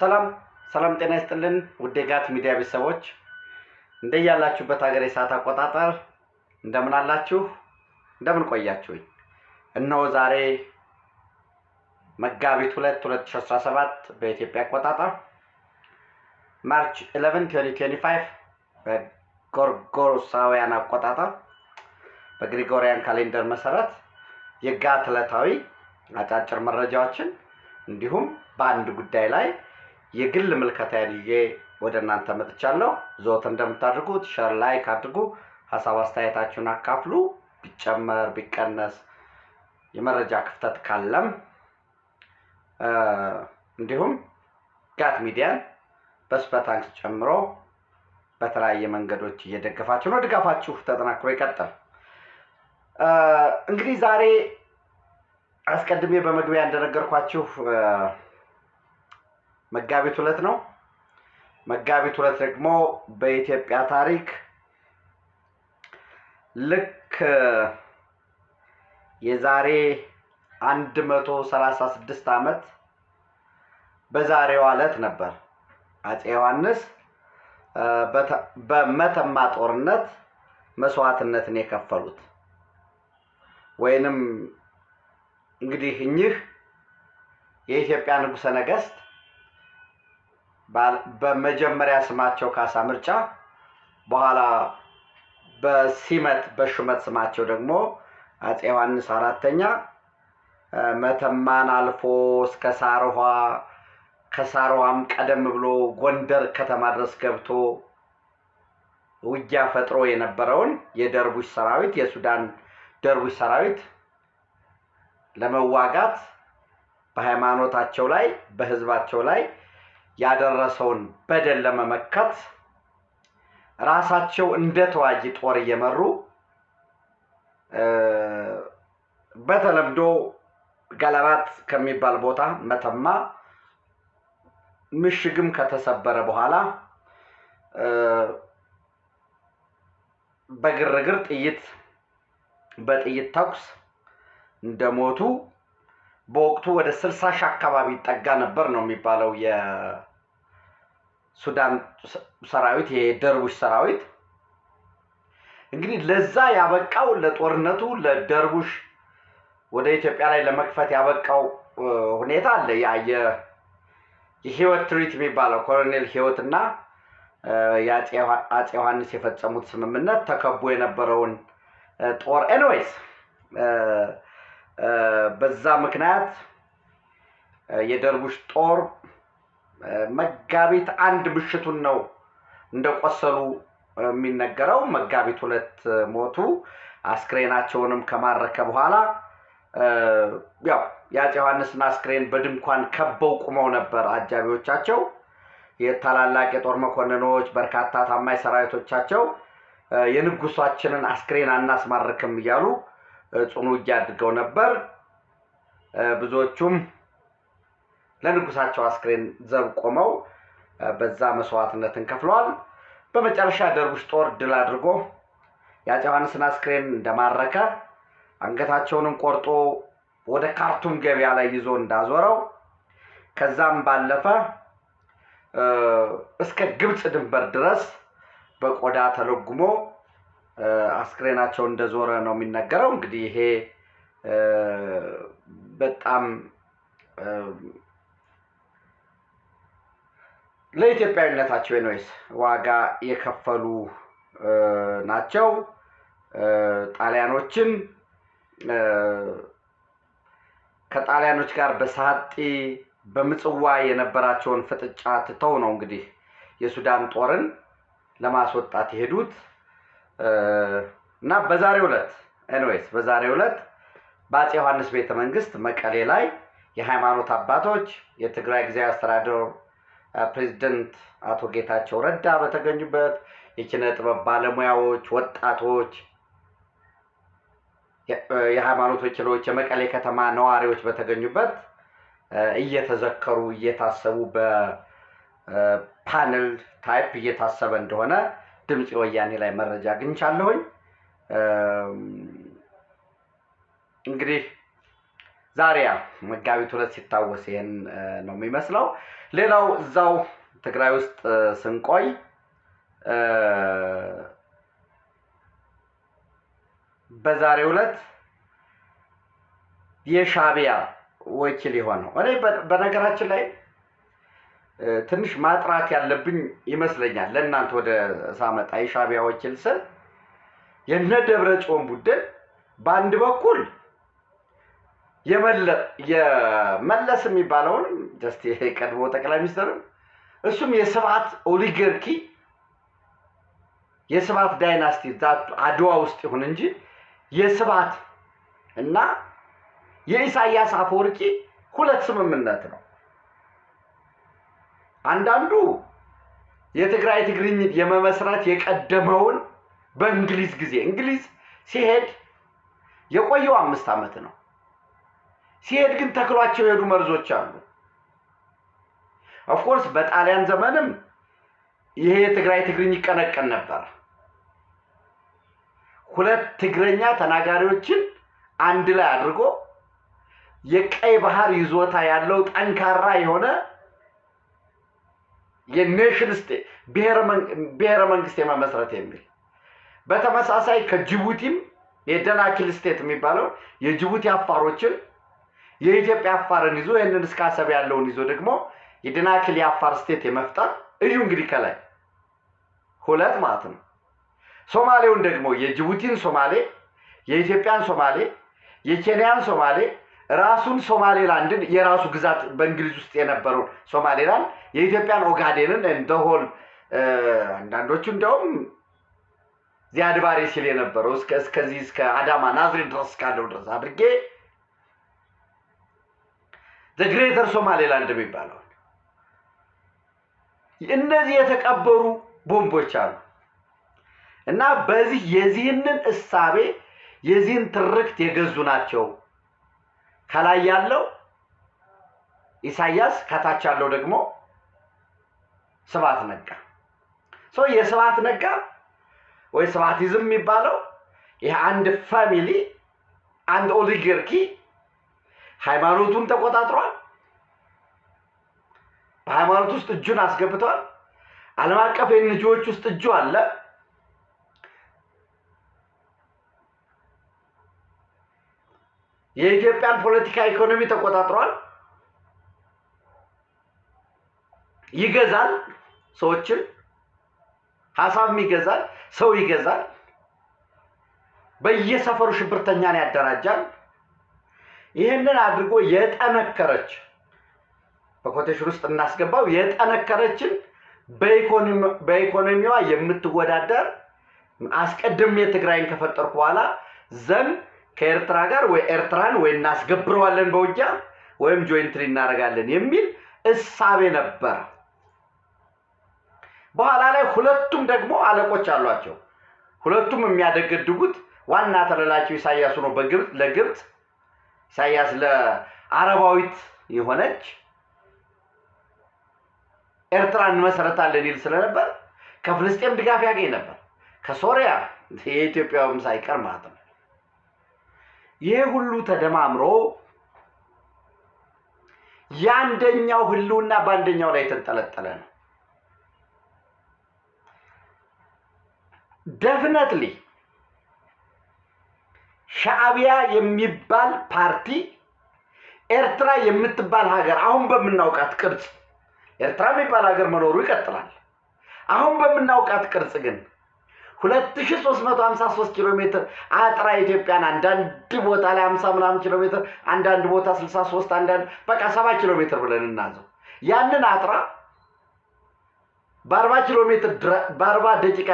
ሰላም ሰላም፣ ጤና ይስጥልን ውድ የጋት ሚዲያ ቤተሰቦች እንደያላችሁበት ሀገር የሰዓት አቆጣጠር እንደምን አላችሁ? እንደምን ቆያችሁኝ? እነሆ ዛሬ መጋቢት ሁለት ሁለት ሺ አስራ ሰባት በኢትዮጵያ አቆጣጠር ማርች ኢለቨን ትዌንቲ ትዌንቲ ፋይቭ በጎርጎሮሳውያን አቆጣጠር በግሪጎሪያን ካሌንደር መሰረት የጋት ዕለታዊ አጫጭር መረጃዎችን እንዲሁም በአንድ ጉዳይ ላይ የግል ምልከታዬን ይዤ ወደ እናንተ መጥቻለሁ። ዞት እንደምታደርጉት ሸር፣ ላይክ አድርጉ፣ ሀሳብ አስተያየታችሁን አካፍሉ። ቢጨመር ቢቀነስ የመረጃ ክፍተት ካለም እንዲሁም ጋት ሚዲያን በስፈታንክ ጨምሮ በተለያየ መንገዶች እየደገፋችሁ ነው። ድጋፋችሁ ተጠናክሮ ይቀጥል። እንግዲህ ዛሬ አስቀድሜ በመግቢያ እንደነገርኳችሁ መጋቢት ሁለት ነው። መጋቢት ሁለት ደግሞ በኢትዮጵያ ታሪክ ልክ የዛሬ 136 ዓመት በዛሬዋ ዕለት ነበር አጼ ዮሐንስ በመተማ ጦርነት መስዋዕትነትን የከፈሉት ወይንም እንግዲህ እኚህ የኢትዮጵያ ንጉሠ ነገሥት በመጀመሪያ ስማቸው ካሳ ምርጫ፣ በኋላ በሲመት በሹመት ስማቸው ደግሞ አፄ ዮሐንስ አራተኛ መተማን አልፎ እስከ ሳርኋ ከሳርኋም ቀደም ብሎ ጎንደር ከተማ ድረስ ገብቶ ውጊያ ፈጥሮ የነበረውን የደርቡሽ ሰራዊት የሱዳን ደርቡሽ ሰራዊት ለመዋጋት በሃይማኖታቸው ላይ በህዝባቸው ላይ ያደረሰውን በደል ለመመከት ራሳቸው እንደ ተዋጊ ጦር እየመሩ በተለምዶ ገለባት ከሚባል ቦታ መተማ ምሽግም ከተሰበረ በኋላ በግርግር ጥይት በጥይት ተኩስ እንደሞቱ በወቅቱ ወደ ስልሳ ሺህ አካባቢ ጠጋ ነበር ነው የሚባለው የሱዳን ሰራዊት የደርቡሽ ሰራዊት እንግዲህ ለዛ ያበቃው ለጦርነቱ ለደርቡሽ ወደ ኢትዮጵያ ላይ ለመክፈት ያበቃው ሁኔታ አለ ያ የህይወት ትርኢት የሚባለው ኮሎኔል ህይወት እና የአፄ ዮሐንስ የፈጸሙት ስምምነት ተከቦ የነበረውን ጦር ኤንዌይስ በዛ ምክንያት የደርቡሽ ጦር መጋቢት አንድ ምሽቱን ነው እንደቆሰሉ የሚነገረው። መጋቢት ሁለት ሞቱ። አስክሬናቸውንም ከማረከ በኋላ ያው የአፄ ዮሐንስን አስክሬን በድንኳን ከበው ቁመው ነበር አጃቢዎቻቸው። የታላላቅ የጦር መኮንኖች፣ በርካታ ታማኝ ሰራዊቶቻቸው የንጉሳችንን አስክሬን አናስማርክም እያሉ ጽኑ ውጊያ አድርገው ነበር። ብዙዎቹም ለንጉሳቸው አስክሬን ዘብ ቆመው በዛ መስዋዕትነትን ከፍለዋል። በመጨረሻ ደርቡሽ ጦር ድል አድርጎ የአፄ ዮሐንስን አስክሬን እንደማረከ አንገታቸውንም ቆርጦ ወደ ካርቱም ገበያ ላይ ይዞ እንዳዞረው ከዛም ባለፈ እስከ ግብፅ ድንበር ድረስ በቆዳ ተለጉሞ አስክሬናቸው እንደዞረ ነው የሚነገረው። እንግዲህ ይሄ በጣም ለኢትዮጵያዊነታቸው ወይስ ዋጋ የከፈሉ ናቸው። ጣሊያኖችን ከጣሊያኖች ጋር በሳጢ በምጽዋ የነበራቸውን ፍጥጫ ትተው ነው እንግዲህ የሱዳን ጦርን ለማስወጣት የሄዱት። እና በዛሬው ዕለት ኤንዌይስ በዛሬው ዕለት በአፄ ዮሐንስ ቤተ መንግስት መቀሌ ላይ የሃይማኖት አባቶች የትግራይ ጊዜያዊ አስተዳደር ፕሬዚደንት አቶ ጌታቸው ረዳ በተገኙበት የኪነ ጥበብ ባለሙያዎች፣ ወጣቶች፣ የሃይማኖት ወኪሎች፣ የመቀሌ ከተማ ነዋሪዎች በተገኙበት እየተዘከሩ እየታሰቡ በፓነል ታይፕ እየታሰበ እንደሆነ ድምፂ ወያኔ ላይ መረጃ አግኝቻለሁኝ። እንግዲህ ዛሬ መጋቢት ሁለት ሲታወስ ይህን ነው የሚመስለው። ሌላው እዛው ትግራይ ውስጥ ስንቆይ በዛሬ ሁለት የሻቢያ ወኪል የሆነው እኔ በነገራችን ላይ ትንሽ ማጥራት ያለብኝ ይመስለኛል። ለእናንተ ወደ ሳመጣ የሻዕቢያ ልሰ የነ ደብረ ጽዮን ቡድን በአንድ በኩል የመለስ የሚባለውን ስ የቀድሞ ጠቅላይ ሚኒስትርም እሱም የስብዓት ኦሊገርኪ የስብዓት ዳይናስቲ አድዋ ውስጥ ይሁን እንጂ የስብዓት እና የኢሳያስ አፈወርቂ ሁለት ስምምነት ነው። አንዳንዱ የትግራይ ትግርኝ የመመስረት የቀደመውን በእንግሊዝ ጊዜ እንግሊዝ ሲሄድ የቆየው አምስት ዓመት ነው። ሲሄድ ግን ተክሏቸው የሄዱ መርዞች አሉ። ኦፍኮርስ በጣሊያን ዘመንም ይሄ የትግራይ ትግርኝ ይቀነቀን ነበር። ሁለት ትግረኛ ተናጋሪዎችን አንድ ላይ አድርጎ የቀይ ባህር ይዞታ ያለው ጠንካራ የሆነ የኔሽን ስቴት ብሔረ መንግስት የመመስረት የሚል በተመሳሳይ ከጅቡቲም የደናኪል ስቴት የሚባለው የጅቡቲ አፋሮችን የኢትዮጵያ አፋርን ይዞ ይህንን እስከ አሰብ ያለውን ይዞ ደግሞ የደናኪል የአፋር ስቴት የመፍጠር እዩ እንግዲህ ከላይ ሁለት ማለት ነው። ሶማሌውን ደግሞ የጅቡቲን ሶማሌ፣ የኢትዮጵያን ሶማሌ፣ የኬንያን ሶማሌ ራሱን ሶማሌላንድን የራሱ ግዛት በእንግሊዝ ውስጥ የነበረውን ሶማሌላንድ የኢትዮጵያን ኦጋዴንን እንደሆን አንዳንዶቹ እንዲያውም ዚያድባሬ ሲል የነበረው እስከዚህ እስከ አዳማ ናዝሬት ድረስ እስካለው ድረስ አድርጌ ዘግሬተር ሶማሌላንድ የሚባለውን እነዚህ የተቀበሩ ቦምቦች አሉ እና በዚህ የዚህንን እሳቤ የዚህን ትርክት የገዙ ናቸው ከላይ ያለው ኢሳያስ ከታች ያለው ደግሞ ስባት ነጋ ሶ የስባት ነጋ ወይ ስብሐቲዝም የሚባለው ይህ አንድ ፋሚሊ አንድ ኦሊጋርኪ ሃይማኖቱን ተቆጣጥሯል። በሃይማኖት ውስጥ እጁን አስገብቷል። አለም አቀፍ የንጂዎች ውስጥ እጁ አለ። የኢትዮጵያን ፖለቲካ ኢኮኖሚ ተቆጣጥሯል፣ ይገዛል፣ ሰዎችን ሀሳብም ይገዛል፣ ሰው ይገዛል፣ በየሰፈሩ ሽብርተኛን ያደራጃል። ይህንን አድርጎ የጠነከረች በኮቴሽን ውስጥ እናስገባው የጠነከረችን በኢኮኖሚዋ የምትወዳደር አስቀድሜ ትግራይን ከፈጠርኩ በኋላ ዘንድ ከኤርትራ ጋር ወይ ኤርትራን ወይ እናስገብረዋለን በውጊያ ወይም ጆይንትሪ እናደርጋለን የሚል እሳቤ ነበር። በኋላ ላይ ሁለቱም ደግሞ አለቆች አሏቸው። ሁለቱም የሚያደገድጉት ዋና ተለላቸው ኢሳያስ ሆኖ በግብፅ ለግብፅ ኢሳያስ ለአረባዊት የሆነች ኤርትራ እንመሰረታለን ይል ስለነበር ከፍልስጤም ድጋፍ ያገኝ ነበር፣ ከሶሪያ የኢትዮጵያውም ሳይቀር ማለት ነው። ይሄ ሁሉ ተደማምሮ የአንደኛው ህልውና በአንደኛው ላይ የተንጠለጠለ ነው። ደፍነትሊ ሻዕቢያ የሚባል ፓርቲ ኤርትራ የምትባል ሀገር አሁን በምናውቃት ቅርጽ ኤርትራ የሚባል ሀገር መኖሩ ይቀጥላል። አሁን በምናውቃት ቅርጽ ግን 2353 ኪሎ ሜትር አጥራ ኢትዮጵያን አንዳንድ ቦታ ላይ 50 ምናምን ኪሎ ሜትር አንዳንድ ቦታ 63 አንዳንድ በቃ 70 ኪሎ ሜትር ብለን እናዘው። ያንን አጥራ በ40 ኪሎ ሜትር በ40 ደቂቃ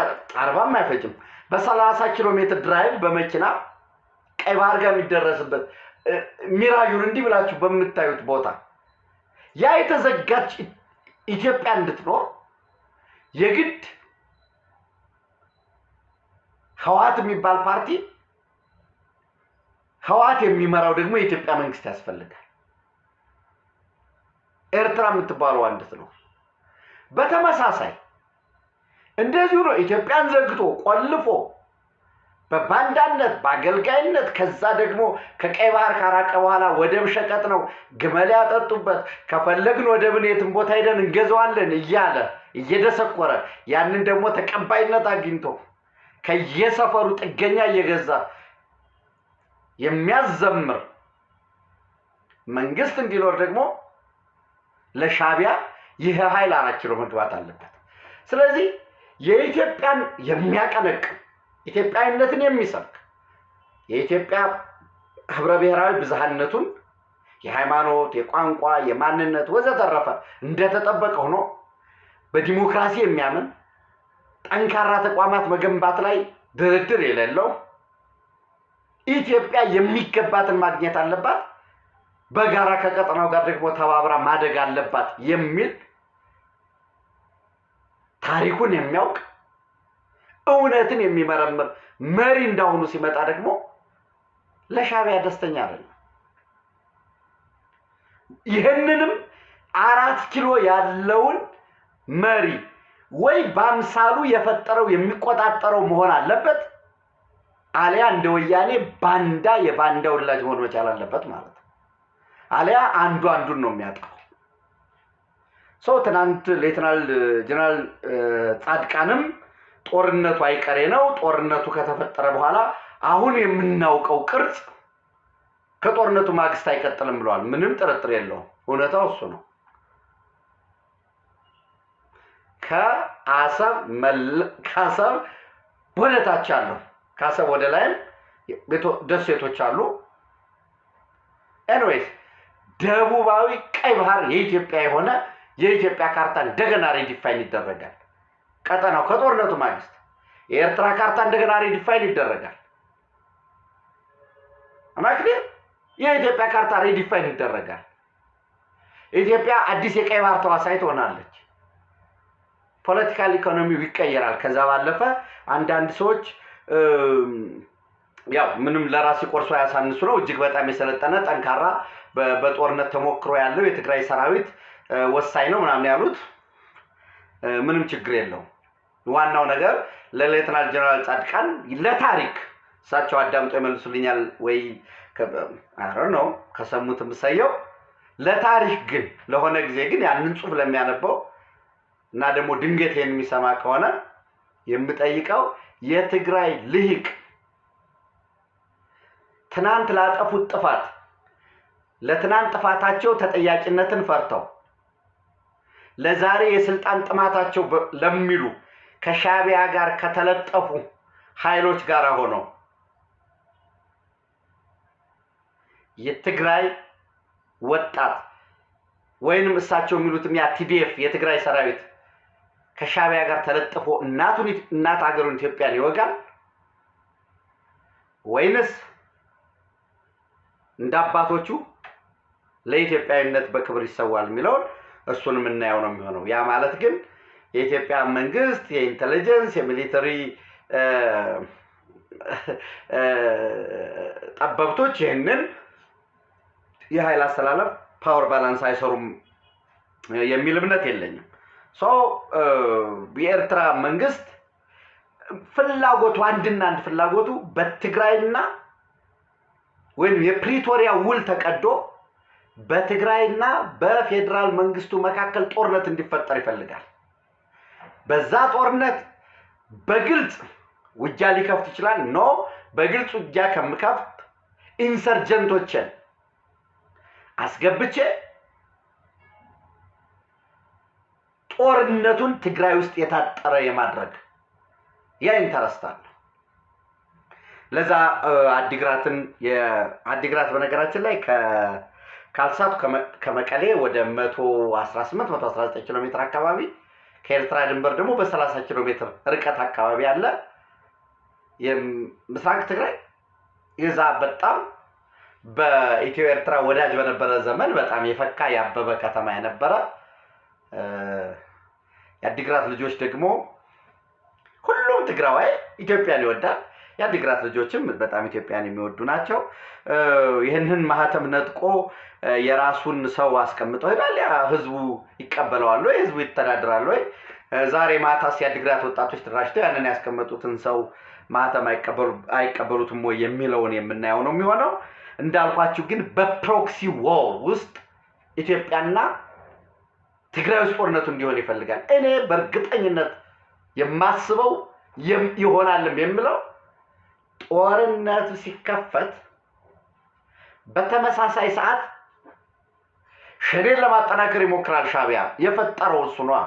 40 አይፈጅም በ30 ኪሎ ሜትር ድራይቭ በመኪና ቀይ ባህር ጋር የሚደረስበት ሚራዩን እንዲህ ብላችሁ በምታዩት ቦታ ያ የተዘጋች ኢትዮጵያ እንድትኖር የግድ ህወሓት የሚባል ፓርቲ ህወሓት የሚመራው ደግሞ የኢትዮጵያ መንግስት ያስፈልጋል። ኤርትራ የምትባለው አንድት ነው። በተመሳሳይ እንደዚሁ ነው። ኢትዮጵያን ዘግቶ ቆልፎ በባንዳነት በአገልጋይነት ከዛ ደግሞ ከቀይ ባህር ካራቀ በኋላ ወደብ ሸቀጥ ነው፣ ግመል ያጠጡበት፣ ከፈለግን ወደብን የትን ቦታ ሄደን እንገዛዋለን እያለ እየደሰኮረ ያንን ደግሞ ተቀባይነት አግኝቶ ከየሰፈሩ ጥገኛ እየገዛ የሚያዘምር መንግስት እንዲኖር ደግሞ ለሻቢያ ይህ ኃይል አራት ኪሎ መግባት አለበት። ስለዚህ የኢትዮጵያን የሚያቀነቅን ኢትዮጵያዊነትን የሚሰብክ የኢትዮጵያ ህብረ ብሔራዊ ብዝሃነቱን የሃይማኖት፣ የቋንቋ፣ የማንነት ወዘተረፈ እንደተጠበቀ ሆኖ በዲሞክራሲ የሚያምን ጠንካራ ተቋማት መገንባት ላይ ድርድር የሌለው ኢትዮጵያ የሚገባትን ማግኘት አለባት፣ በጋራ ከቀጠናው ጋር ደግሞ ተባብራ ማደግ አለባት የሚል ታሪኩን የሚያውቅ እውነትን የሚመረምር መሪ እንዳሁኑ ሲመጣ ደግሞ ለሻቢያ ደስተኛ አይደለም። ይህንንም አራት ኪሎ ያለውን መሪ ወይ በአምሳሉ የፈጠረው የሚቆጣጠረው መሆን አለበት፣ አሊያ እንደ ወያኔ ባንዳ የባንዳ ወላጅ መሆን መቻል አለበት ማለት ነው። አሊያ አንዱ አንዱን ነው የሚያጠፋው። ሰው ትናንት ሌትናል ጀነራል ጻድቃንም ጦርነቱ አይቀሬ ነው፣ ጦርነቱ ከተፈጠረ በኋላ አሁን የምናውቀው ቅርጽ ከጦርነቱ ማግስት አይቀጥልም ብለዋል። ምንም ጥርጥር የለውም። እውነታው እሱ ነው። ከአሰብ ከአሰብ ወደ ታች አለው። ከአሰብ ወደ ላይም ደሴቶች አሉ። ኤንዌይስ ደቡባዊ ቀይ ባህር የኢትዮጵያ የሆነ የኢትዮጵያ ካርታ እንደገና ሬዲፋይን ይደረጋል። ቀጠናው ከጦርነቱ ማግስት የኤርትራ ካርታ እንደገና ሬዲፋይን ይደረጋል። ማክሌ የኢትዮጵያ ካርታ ሬዲፋይን ይደረጋል። ኢትዮጵያ አዲስ የቀይ ባህር ተዋሳይ ትሆናለች። ፖለቲካል ኢኮኖሚው ይቀየራል። ከዛ ባለፈ አንዳንድ ሰዎች ያው ምንም ለራስ ቆርሶ ያሳንሱ ነው። እጅግ በጣም የሰለጠነ ጠንካራ፣ በጦርነት ተሞክሮ ያለው የትግራይ ሰራዊት ወሳኝ ነው ምናምን ያሉት ምንም ችግር የለው። ዋናው ነገር ለሌትናል ጀነራል ጻድቃን ለታሪክ እሳቸው አዳምጦ ይመልሱልኛል ወይ ነው ከሰሙት የምሰየው። ለታሪክ ግን ለሆነ ጊዜ ግን ያንን ጽሁፍ ለሚያነበው እና ደግሞ ድንገት የሚሰማ ከሆነ የምጠይቀው የትግራይ ልሂቅ ትናንት ላጠፉት ጥፋት ለትናንት ጥፋታቸው ተጠያቂነትን ፈርተው ለዛሬ የስልጣን ጥማታቸው ለሚሉ ከሻቢያ ጋር ከተለጠፉ ኃይሎች ጋር ሆነው የትግራይ ወጣት ወይንም እሳቸው የሚሉትም ያ ቲዲኤፍ የትግራይ ሰራዊት ከሻቢያ ጋር ተለጥፎ እናቱን እናት ሀገሩን ኢትዮጵያን ይወጋል ወይንስ እንደ አባቶቹ ለኢትዮጵያዊነት በክብር ይሰዋል የሚለውን እሱን የምናየው ነው የሚሆነው። ያ ማለት ግን የኢትዮጵያ መንግስት የኢንቴሊጀንስ የሚሊተሪ ጠበብቶች ይህንን የኃይል አሰላለፍ ፓወር ባላንስ አይሰሩም የሚል እምነት የለኝም። የኤርትራ መንግስት ፍላጎቱ አንድና አንድ ፍላጎቱ በትግራይና ወይም የፕሪቶሪያ ውል ተቀዶ በትግራይና በፌዴራል መንግስቱ መካከል ጦርነት እንዲፈጠር ይፈልጋል። በዛ ጦርነት በግልጽ ውጊያ ሊከፍት ይችላል። ኖ በግልጽ ውጊያ ከምከፍት ኢንሰርጀንቶችን አስገብቼ ጦርነቱን ትግራይ ውስጥ የታጠረ የማድረግ ያ ኢንተረስታል ለዛ አዲግራትን የአዲግራት በነገራችን ላይ ካልሳቱ ከመቀሌ ወደ 118 119 ኪሎ ሜትር አካባቢ ከኤርትራ ድንበር ደግሞ በ30 ኪሎ ሜትር ርቀት አካባቢ አለ ምስራቅ ትግራይ የዛ በጣም በኢትዮ ኤርትራ ወዳጅ በነበረ ዘመን በጣም የፈካ ያበበ ከተማ የነበረ የአዲግራት ልጆች ደግሞ ሁሉም ትግራዋይ ኢትዮጵያን ይወዳል። የአዲግራት ልጆችም በጣም ኢትዮጵያን የሚወዱ ናቸው። ይህንን ማህተም ነጥቆ የራሱን ሰው አስቀምጠው ሄዳል። ያ ህዝቡ ይቀበለዋል ወይ? ህዝቡ ይተዳድራል ወይ? ዛሬ ማታስ የአዲግራት ወጣቶች ተደራጅተው ያንን ያስቀመጡትን ሰው ማህተም አይቀበሉትም ወይ የሚለውን የምናየው ነው የሚሆነው። እንዳልኳችሁ ግን በፕሮክሲ ዎር ውስጥ ኢትዮጵያና ትግራይ ውስጥ ጦርነቱ እንዲሆን ይፈልጋል። እኔ በእርግጠኝነት የማስበው ይሆናልም የምለው ጦርነቱ ሲከፈት በተመሳሳይ ሰዓት ሸኔን ለማጠናከር ይሞክራል ሻቢያ። የፈጠረው እሱ ነዋ።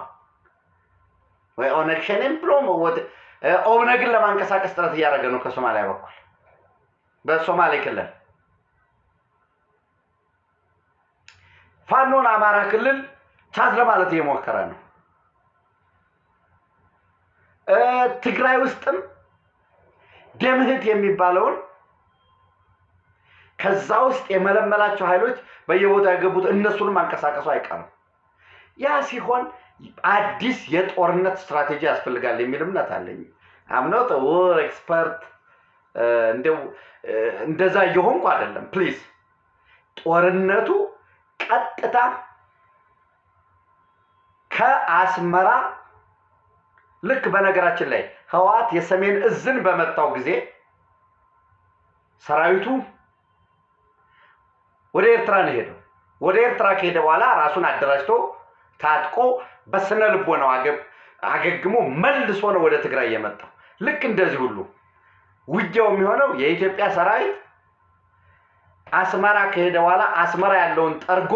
ወይ ኦነግ ሸኔን ብሎ ኦነግን ለማንቀሳቀስ ጥረት እያደረገ ነው ከሶማሊያ በኩል በሶማሌ ክልል ፋኖን አማራ ክልል ቻት ለማለት እየሞከረ ነው። ትግራይ ውስጥም ደምህት የሚባለውን ከዛ ውስጥ የመለመላቸው ኃይሎች በየቦታው የገቡት እነሱንም አንቀሳቀሱ አይቀርም። ያ ሲሆን አዲስ የጦርነት ስትራቴጂ ያስፈልጋል የሚል እምነት አለኝ። አምኖት ውር ኤክስፐርት እንደው እንደዛ እየሆንኩ አይደለም። ፕሊዝ ጦርነቱ ቀጥታ ከአስመራ ልክ በነገራችን ላይ ህወሓት የሰሜን እዝን በመጣው ጊዜ ሰራዊቱ ወደ ኤርትራ ነው ሄደው። ወደ ኤርትራ ከሄደ በኋላ ራሱን አደራጅቶ ታጥቆ በስነ ነው አገግሞ መልሶ ነው ወደ ትግራይ የመጣው። ልክ እንደዚህ ሁሉ ውጊያው የሚሆነው የኢትዮጵያ ሰራዊት አስመራ ከሄደ በኋላ አስመራ ያለውን ጠርጎ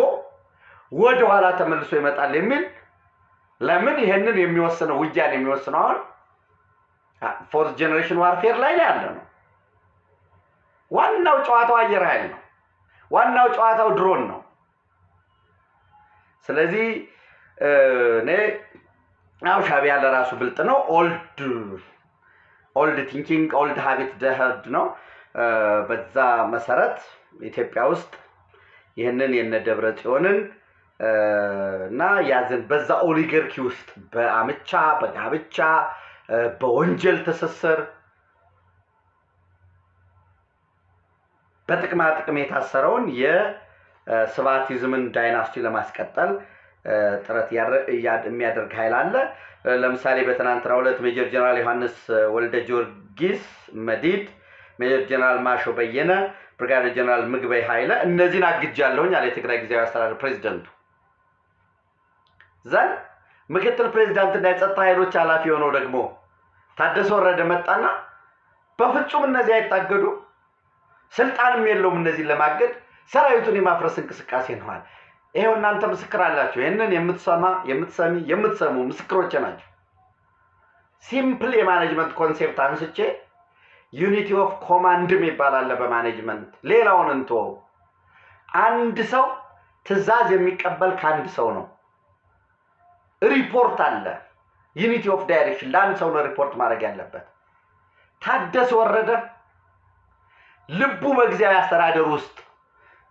ወደ ኋላ ተመልሶ ይመጣል የሚል ለምን ይሄንን የሚወስነው ውጊያን የሚወስነው አሁን ፎርስ ጀኔሬሽን ዋርፌር ላይ ያለ ነው። ዋናው ጨዋታው አየር ኃይል ነው። ዋናው ጨዋታው ድሮን ነው። ስለዚህ እኔ አሁን ሻቢያ ለራሱ ብልጥ ነው። ኦልድ ኦልድ ቲንኪንግ ኦልድ ሀቢት ደህድ ነው። በዛ መሰረት ኢትዮጵያ ውስጥ ይህንን የነ ደብረ ጽዮንን እና ያዘን በዛ ኦሊገርኪ ውስጥ በአምቻ በጋብቻ በወንጀል ተሰሰር በጥቅማ ጥቅም የታሰረውን የስብአቲዝምን ዳይናስቲ ለማስቀጠል ጥረት የሚያደርግ ኃይል አለ። ለምሳሌ በትናንትናው ዕለት ሜጀር ጀነራል ዮሐንስ ወልደ ጊዮርጊስ መዲድ፣ ሜጀር ጀነራል ማሾ በየነ፣ ብርጋዴር ጀነራል ምግበይ ኃይለ እነዚህን አግጃለሁኝ አለ የትግራይ ጊዜያዊ አስተዳደር ፕሬዚደንቱ። ዘንድ ምክትል ፕሬዚዳንትና የጸጥታ ኃይሎች ኃላፊ የሆነው ደግሞ ታደሰ ወረደ መጣና በፍጹም እነዚህ አይታገዱ፣ ስልጣንም የለውም እነዚህን ለማገድ ሰራዊቱን የማፍረስ እንቅስቃሴ ነዋል። ይሄው እናንተ ምስክር አላቸው። ይህንን የምትሰማ የምትሰሚ የምትሰሙ ምስክሮች ናቸው። ሲምፕል የማኔጅመንት ኮንሴፕት አንስቼ ዩኒቲ ኦፍ ኮማንድም ይባላል በማኔጅመንት ሌላውን እንቶ አንድ ሰው ትዕዛዝ የሚቀበል ከአንድ ሰው ነው። ሪፖርት አለ። ዩኒቲ ኦፍ ዳይሬክሽን ለአንድ ሰው ነው ሪፖርት ማድረግ ያለበት። ታደሰ ወረደ ልቡ በጊዜያዊ አስተዳደር ውስጥ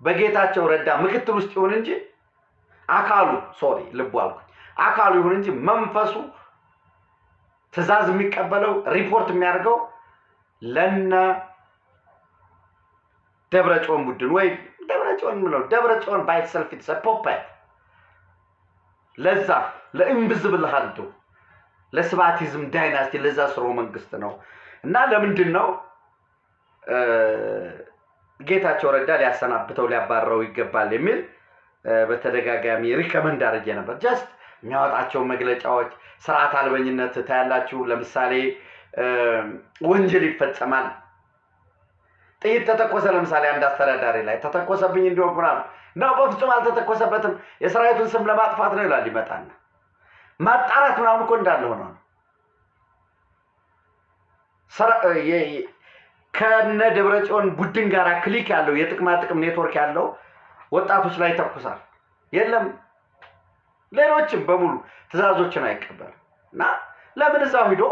በጌታቸው ረዳ ምክትል ውስጥ ይሁን እንጂ አካሉ ሶሪ ልቡ አልኩኝ አካሉ ይሁን እንጂ መንፈሱ ትእዛዝ የሚቀበለው ሪፖርት የሚያደርገው ለነ ደብረ ጽዮን ቡድን ወይ ደብረ ጽዮን ምለው ደብረ ጽዮን ባይትሰልፍ ኢትስ ፖፓየት ለዛ ለኢንቪዝብል ሃንዱ ለስባቲዝም ዳይናስቲ ለዛ ስሮ መንግስት ነው እና ለምንድን ነው ጌታቸው ረዳ ሊያሰናብተው ሊያባረው ይገባል የሚል በተደጋጋሚ ሪከመንድ አድርጌ ነበር። ጀስት የሚያወጣቸው መግለጫዎች ስርዓት አልበኝነት ታያላችሁ። ለምሳሌ ወንጀል ይፈጸማል ጥይት ተተኮሰ። ለምሳሌ አንድ አስተዳዳሪ ላይ ተተኮሰብኝ እንዲሁ ምናምን ነው። በፍጹም አልተተኮሰበትም የሰራዊቱን ስም ለማጥፋት ነው ይላል። ይመጣና ማጣራት ምናምን እኮ እንዳለ ሆነ ከነ ደብረ ጽዮን ቡድን ጋር ክሊክ ያለው የጥቅማ ጥቅም ኔትወርክ ያለው ወጣቶች ላይ ተኩሳል። የለም ሌሎችም በሙሉ ትእዛዞችን አይቀበልም እና ለምን እዛው ሂዶ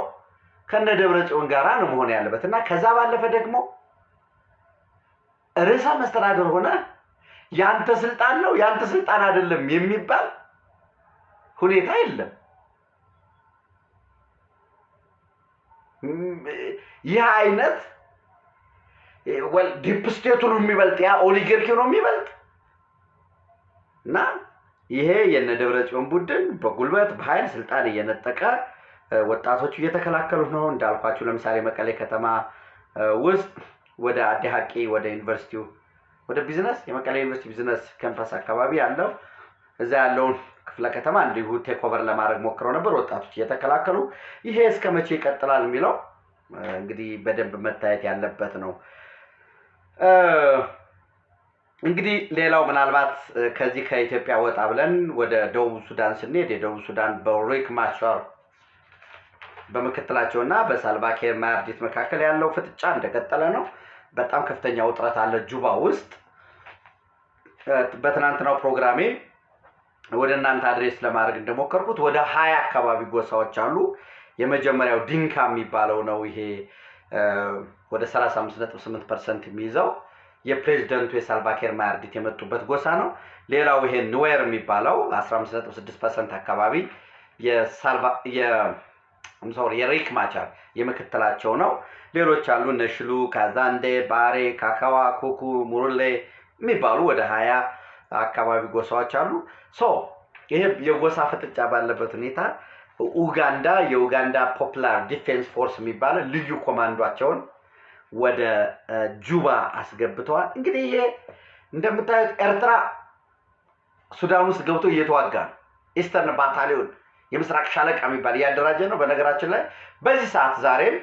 ከነ ደብረ ጽዮን ጋራ ነው መሆን ያለበት እና ከዛ ባለፈ ደግሞ ርዕሰ መስተዳደር ሆነ ያንተ ስልጣን ነው ያንተ ስልጣን አይደለም የሚባል ሁኔታ የለም። ይህ አይነት ዲፕ ስቴቱ ነው የሚበልጥ፣ ያ ኦሊጋርኪ ነው የሚበልጥ እና ይሄ የነ ደብረ ጽዮን ቡድን በጉልበት በኃይል ስልጣን እየነጠቀ ወጣቶቹ እየተከላከሉ ነው። እንዳልኳችሁ ለምሳሌ መቀሌ ከተማ ውስጥ ወደ አዲ ሀቂ ወደ ዩኒቨርሲቲው ወደ ቢዝነስ የመቀለ ዩኒቨርሲቲ ቢዝነስ ካምፓስ አካባቢ ያለው እዛ ያለውን ክፍለ ከተማ እንዲሁ ቴክኦቨር ለማድረግ ሞክረው ነበር ወጣቶች እየተከላከሉ። ይሄ እስከ መቼ ይቀጥላል የሚለው እንግዲህ በደንብ መታየት ያለበት ነው። እንግዲህ ሌላው ምናልባት ከዚህ ከኢትዮጵያ ወጣ ብለን ወደ ደቡብ ሱዳን ስንሄድ የደቡብ ሱዳን በሪክ ማቻር በምክትላቸውና በሳልቫኪር ማያርዲት መካከል ያለው ፍጥጫ እንደቀጠለ ነው። በጣም ከፍተኛ ውጥረት አለ ጁባ ውስጥ። በትናንትናው ፕሮግራሜ ወደ እናንተ አድሬስ ለማድረግ እንደሞከርኩት ወደ ሀያ አካባቢ ጎሳዎች አሉ። የመጀመሪያው ዲንካ የሚባለው ነው። ይሄ ወደ 35.8 ፐርሰንት የሚይዘው የፕሬዚደንቱ የሳልቫኬር ማያርዲት የመጡበት ጎሳ ነው። ሌላው ይሄ ንዌር የሚባለው 15.6 ፐርሰንት አካባቢ ሶሪ የሪክ ማቻር የምክትላቸው ነው። ሌሎች አሉ እነ ሽሉ፣ ካዛንዴ፣ ባሬ፣ ካካዋ፣ ኩኩ፣ ሙሩሌ የሚባሉ ወደ ሀያ አካባቢ ጎሳዎች አሉ። ሶ ይህ የጎሳ ፍጥጫ ባለበት ሁኔታ ኡጋንዳ የኡጋንዳ ፖፕላር ዲፌንስ ፎርስ የሚባለ ልዩ ኮማንዷቸውን ወደ ጁባ አስገብተዋል። እንግዲህ ይሄ እንደምታዩት ኤርትራ ሱዳን ውስጥ ገብቶ እየተዋጋ ነው። ኢስተርን ባታሊዮን የምስራቅ ሻለቃ የሚባል እያደራጀ ነው። በነገራችን ላይ በዚህ ሰዓት ዛሬም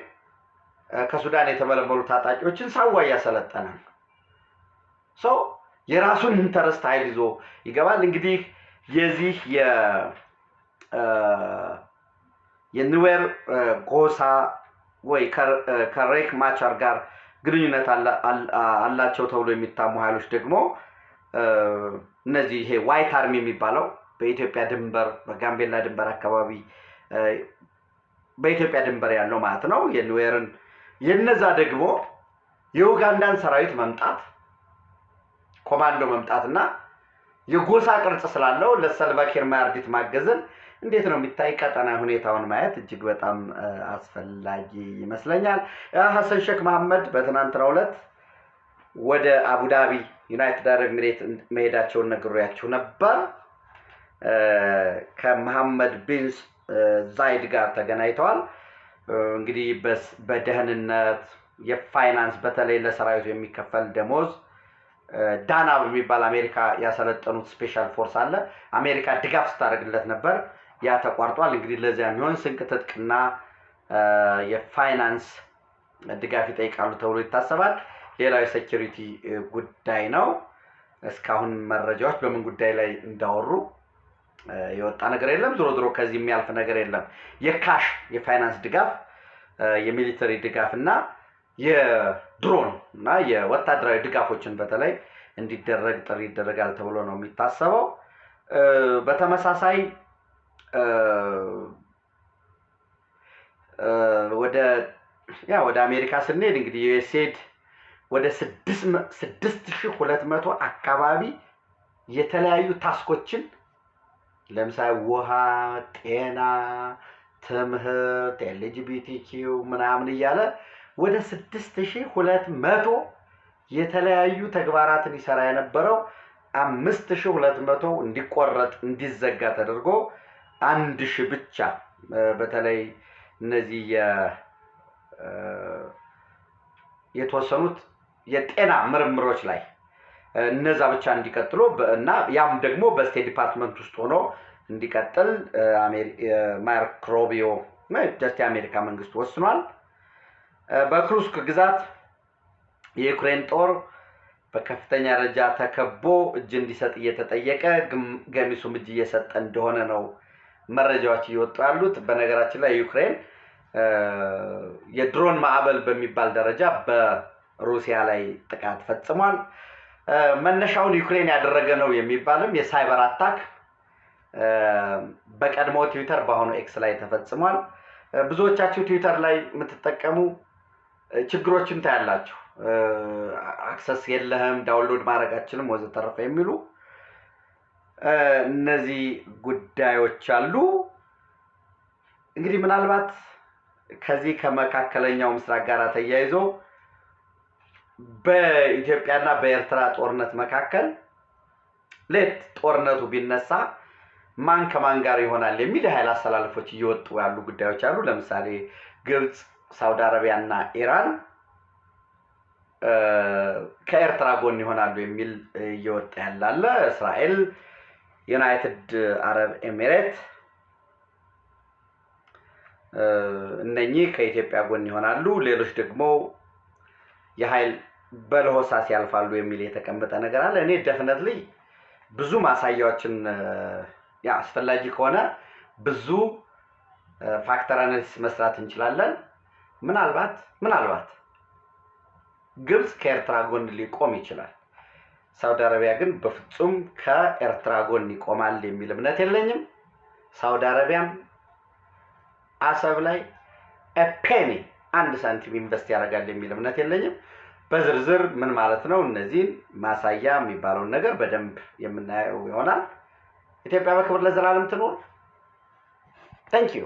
ከሱዳን የተመለመሉ ታጣቂዎችን ሳዋ እያሰለጠነ ነው። ሰው የራሱን ኢንተረስት ኃይል ይዞ ይገባል። እንግዲህ የዚህ የንዌር ጎሳ ወይ ከሬክ ማቻር ጋር ግንኙነት አላቸው ተብሎ የሚታሙ ኃይሎች ደግሞ እነዚህ ይሄ ዋይት አርሚ የሚባለው በኢትዮጵያ ድንበር በጋምቤላ ድንበር አካባቢ በኢትዮጵያ ድንበር ያለው ማለት ነው የኑዌርን የነዛ ደግሞ የኡጋንዳን ሰራዊት መምጣት ኮማንዶ መምጣት እና የጎሳ ቅርጽ ስላለው ለሰልቫኪር ማያርዲት ማገዝን እንዴት ነው የሚታይ ቀጠና ሁኔታውን ማየት እጅግ በጣም አስፈላጊ ይመስለኛል። ሀሰን ሼክ መሐመድ በትናንትናው ዕለት ወደ አቡዳቢ ዩናይትድ አረብ ኤሚሬት መሄዳቸውን ነግሮያችሁ ነበር። ከመሐመድ ቢን ዛይድ ጋር ተገናኝተዋል። እንግዲህ በደህንነት የፋይናንስ በተለይ ለሰራዊቱ የሚከፈል ደሞዝ ዳና በሚባል አሜሪካ ያሰለጠኑት ስፔሻል ፎርስ አለ። አሜሪካ ድጋፍ ስታደርግለት ነበር። ያ ተቋርጧል። እንግዲህ ለዚያ የሚሆን ስንቅ፣ ትጥቅና የፋይናንስ ድጋፍ ይጠይቃሉ ተብሎ ይታሰባል። ሌላው የሴኪሪቲ ጉዳይ ነው። እስካሁን መረጃዎች በምን ጉዳይ ላይ እንዳወሩ የወጣ ነገር የለም። ዞሮ ዞሮ ከዚህ የሚያልፍ ነገር የለም። የካሽ የፋይናንስ ድጋፍ፣ የሚሊተሪ ድጋፍ እና የድሮን እና የወታደራዊ ድጋፎችን በተለይ እንዲደረግ ጥሪ ይደረጋል ተብሎ ነው የሚታሰበው። በተመሳሳይ ወደ ያ ወደ አሜሪካ ስንሄድ እንግዲህ ዩኤስኤድ ወደ ስድስት ሺህ ሁለት መቶ አካባቢ የተለያዩ ታስኮችን ለምሳሌ ውሃ፣ ጤና፣ ትምህርት፣ ኤልጂቢቲኪው ምናምን እያለ ወደ ስድስት ሺህ ሁለት መቶ የተለያዩ ተግባራትን ይሰራ የነበረው አምስት ሺህ ሁለት መቶ እንዲቆረጥ እንዲዘጋ ተደርጎ አንድ ሺህ ብቻ በተለይ እነዚህ የተወሰኑት የጤና ምርምሮች ላይ እነዛ ብቻ እንዲቀጥሉ እና ያም ደግሞ በስቴት ዲፓርትመንት ውስጥ ሆኖ እንዲቀጥል ማርክ ሮቢዮ ጀስት የአሜሪካ መንግስት ወስኗል። በክሩስክ ግዛት የዩክሬን ጦር በከፍተኛ ደረጃ ተከቦ እጅ እንዲሰጥ እየተጠየቀ ገሚሱም እጅ እየሰጠ እንደሆነ ነው መረጃዎች እየወጡ ያሉት። በነገራችን ላይ ዩክሬን የድሮን ማዕበል በሚባል ደረጃ በሩሲያ ላይ ጥቃት ፈጽሟል። መነሻውን ዩክሬን ያደረገ ነው የሚባልም የሳይበር አታክ በቀድሞ ትዊተር በአሁኑ ኤክስ ላይ ተፈጽሟል። ብዙዎቻችሁ ትዊተር ላይ የምትጠቀሙ ችግሮችን ታያላችሁ። አክሰስ የለህም፣ ዳውንሎድ ማድረጋችንም ወዘተረፈ የሚሉ እነዚህ ጉዳዮች አሉ። እንግዲህ ምናልባት ከዚህ ከመካከለኛው ምስራቅ ጋር ተያይዞ በኢትዮጵያና በኤርትራ ጦርነት መካከል ሌት ጦርነቱ ቢነሳ ማን ከማን ጋር ይሆናል የሚል የኃይል አስተላልፎች እየወጡ ያሉ ጉዳዮች አሉ። ለምሳሌ ግብፅ፣ ሳውዲ አረቢያ እና ኢራን ከኤርትራ ጎን ይሆናሉ የሚል እየወጣ ያላለ፣ እስራኤል፣ ዩናይትድ አረብ ኤሚሬት እነኚህ ከኢትዮጵያ ጎን ይሆናሉ። ሌሎች ደግሞ የኃይል በለሆሳስ ያልፋሉ የሚል የተቀመጠ ነገር አለ። እኔ ደፍነት ልይ ብዙ ማሳያዎችን ያ አስፈላጊ ከሆነ ብዙ ፋክተር አናሊሲስ መስራት እንችላለን። ምናልባት ምናልባት ግብፅ ከኤርትራ ጎን ሊቆም ይችላል። ሳውዲ አረቢያ ግን በፍጹም ከኤርትራ ጎን ይቆማል የሚል እምነት የለኝም። ሳውዲ አረቢያም አሰብ ላይ ፔኒ አንድ ሳንቲም ኢንቨስት ያደርጋል የሚል እምነት የለኝም። በዝርዝር ምን ማለት ነው? እነዚህን ማሳያ የሚባለውን ነገር በደንብ የምናየው ይሆናል። ኢትዮጵያ በክብር ለዘላለም ትኑር። ታንኪዩ